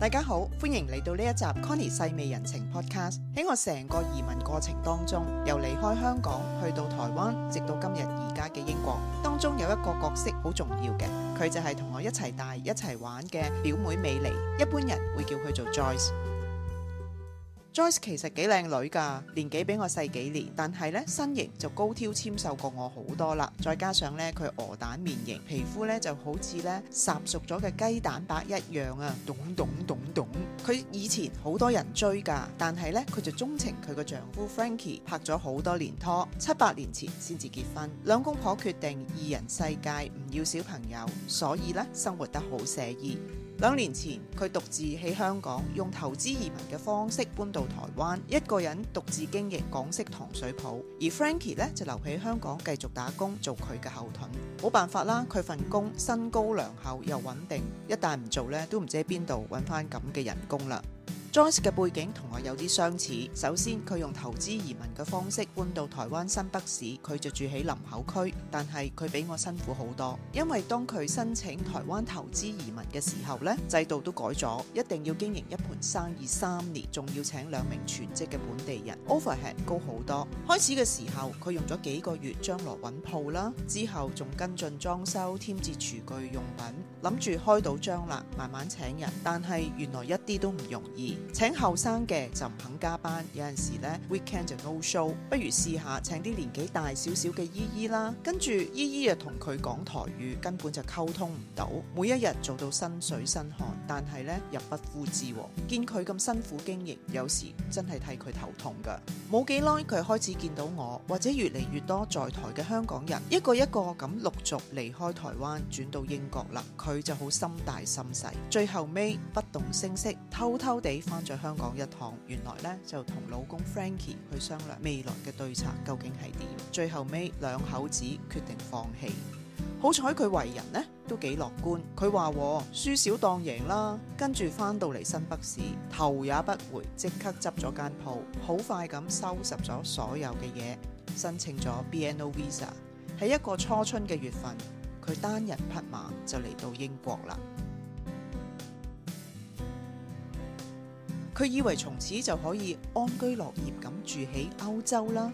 大家好，歡迎嚟到呢一集 Connie 細微人情 Podcast。喺我成個移民過程當中，由離開香港去到台灣，直到今日而家嘅英國，當中有一個角色好重要嘅，佢就係同我一齊大一齊玩嘅表妹美彌。一般人會叫佢做 Joyce。Joyce 其實幾靚女㗎，年紀比我細幾年，但係咧身形就高挑纖瘦過我好多啦。再加上咧佢鵝蛋面型，皮膚咧就好似咧烚熟咗嘅雞蛋白一樣啊，棟棟棟棟。佢以前好多人追㗎，但係咧佢就鍾情佢個丈夫 Frankie，拍咗好多年拖，七八年前先至結婚。兩公婆決定二人世界，唔要小朋友，所以咧生活得好寫意。兩年前，佢獨自喺香港用投資移民嘅方式搬到台灣，一個人獨自經營港式糖水鋪。而 Frankie 咧就留喺香港繼續打工，做佢嘅後盾。冇辦法啦，佢份工薪高糧厚又穩定，一旦唔做咧，都唔知喺邊度揾翻咁嘅人工啦。Joyce 嘅背景同我有啲相似。首先佢用投資移民嘅方式搬到台灣新北市，佢就住喺林口區。但係佢比我辛苦好多，因為當佢申請台灣投資移民嘅時候咧，制度都改咗，一定要經營一盤生意三年，仲要請兩名全職嘅本地人。Overhead 高好多。開始嘅時候，佢用咗幾個月將來揾鋪啦，之後仲跟進裝修、添置廚具用品，諗住開到張啦，慢慢請人。但係原來一啲都唔容易。請後生嘅就唔肯加班，有陣時咧 weekend 就 no show，不如試下請啲年紀大少少嘅姨姨啦。跟住姨姨就同佢講台語，根本就溝通唔到。每一日做到身水身汗，但係咧又不敷支喎。見佢咁辛苦經營，有時真係替佢頭痛噶。冇幾耐佢開始見到我，或者越嚟越多在台嘅香港人一個一個咁陸續離開台灣轉到英國啦。佢就好心大心細，最後尾不動聲色，偷偷地。翻咗香港一趟，原來咧就同老公 Frankie 去商量未來嘅對策究竟係點。最後尾兩口子決定放棄。好彩佢為人呢都幾樂觀，佢話輸少當贏啦。跟住翻到嚟新北市，頭也不回，即刻執咗間鋪，好快咁收拾咗所有嘅嘢，申請咗 BNO Visa。喺一個初春嘅月份，佢單人匹馬就嚟到英國啦。佢以為從此就可以安居樂業咁住喺歐洲啦，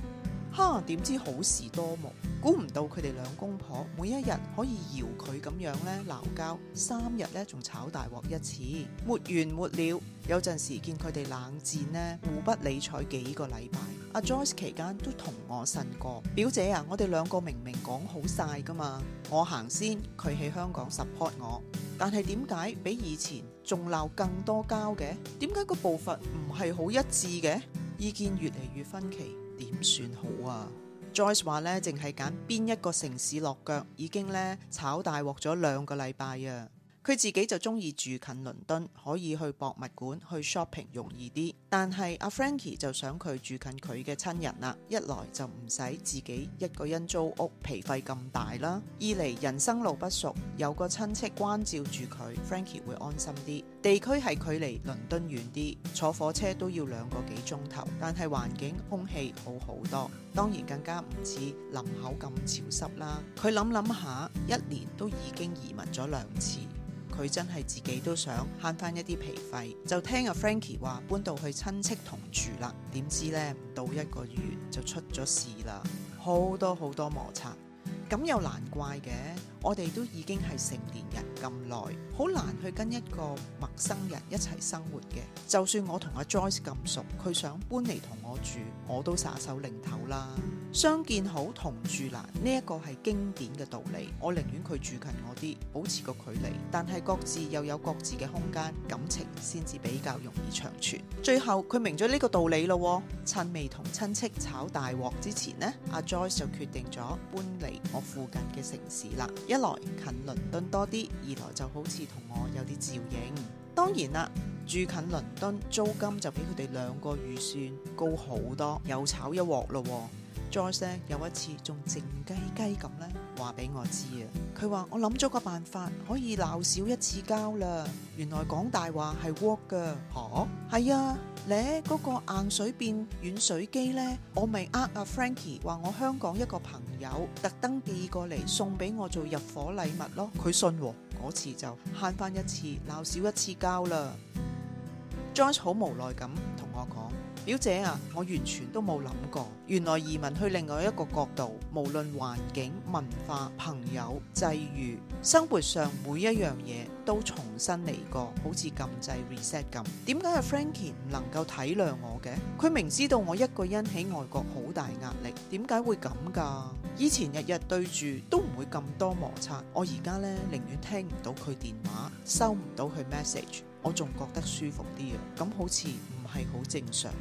哈，點知好事多磨，估唔到佢哋兩公婆每一日可以搖佢咁樣咧鬧交，三日咧仲炒大鑊一次，沒完沒了。有陣時見佢哋冷戰呢互不理睬幾個禮拜。阿、啊、Joyce 期間都同我呻過表姐啊，我哋兩個明明講好晒噶嘛，我行先，佢喺香港 support 我。但係點解比以前仲鬧更多交嘅？點解個步伐唔係好一致嘅？意見越嚟越分歧，點算好啊？Joyce 話咧，淨係揀邊一個城市落腳，已經咧炒大鑊咗兩個禮拜啊！佢自己就中意住近倫敦，可以去博物館、去 shopping 容易啲。但係阿 Frankie 就想佢住近佢嘅親人啦，一來就唔使自己一個人租屋，皮費咁大啦；二嚟人生路不熟，有個親戚關照住佢，Frankie 會安心啲。地區係距離倫敦遠啲，坐火車都要兩個幾鐘頭，但係環境空氣好好多，當然更加唔似林口咁潮濕啦。佢諗諗下，一年都已經移民咗兩次。佢真係自己都想慳翻一啲皮費，就聽阿 Frankie 話搬到去親戚同住啦。點知咧，唔到一個月就出咗事啦，好多好多摩擦，咁又難怪嘅。我哋都已經係成年人咁耐，好難去跟一個陌生人一齊生活嘅。就算我同阿 Joyce 咁熟，佢想搬嚟同我住，我都耍手擰頭啦。相見好，同住難，呢、這、一個係經典嘅道理。我寧願佢住近我啲，保持個距離，但係各自又有各自嘅空間，感情先至比較容易長存。最後佢明咗呢個道理咯，趁未同親戚炒大鑊之前呢阿、啊、Joyce 就決定咗搬嚟我附近嘅城市啦。一來近倫敦多啲，二來就好似同我有啲照應。當然啦，住近倫敦租金就比佢哋兩個預算高好多，又炒一鑊喇喎！Joyce 有一次仲靜雞雞咁咧，話俾我知啊。佢話，我諗咗個辦法可以鬧少一次交啦。原來講大話係 work 噶，哦、啊，係啊咧嗰個硬水變軟水機咧，我咪呃阿、啊、Frankie 話我香港一個朋友特登寄過嚟送俾我做入伙禮物咯。佢信嗰、啊、次就慳翻一次鬧少一次交啦。Joyce 好無奈咁同我講。表姐啊，我完全都冇諗過，原來移民去另外一個國度，無論環境、文化、朋友、際遇，生活上每一樣嘢都重新嚟過，好似㩒掣 reset 咁。點解阿 Frankie 唔能夠體諒我嘅？佢明知道我一個人喺外國好大壓力，點解會咁㗎？以前日日對住都唔會咁多摩擦，我而家呢，寧願聽唔到佢電話，收唔到佢 message，我仲覺得舒服啲啊！咁好似。係好正常，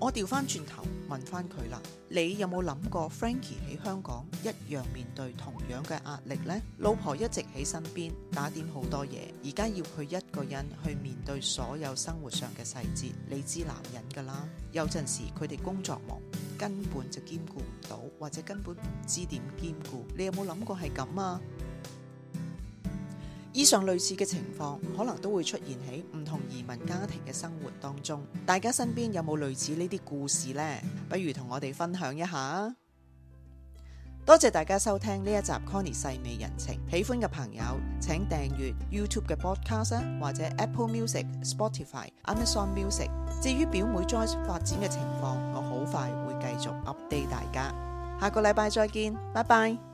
我調翻轉頭問翻佢啦，你有冇諗過 Frankie 喺香港一樣面對同樣嘅壓力呢？老婆一直喺身邊打點好多嘢，而家要佢一個人去面對所有生活上嘅細節，你知男人噶啦，有陣時佢哋工作忙，根本就兼顧唔到，或者根本唔知點兼顧。你有冇諗過係咁啊？以上類似嘅情況，可能都會出現喺唔同移民家庭嘅生活當中。大家身邊有冇類似呢啲故事呢？不如同我哋分享一下。 多謝大家收聽呢一集 Connie 細味人情。喜歡嘅朋友請訂閱 YouTube 嘅 Podcast 啊，或者 Apple Music、Spotify、Amazon Music。至於表妹 Joyce 發展嘅情況，我好快會繼續 update 大家。下個禮拜再見，拜拜。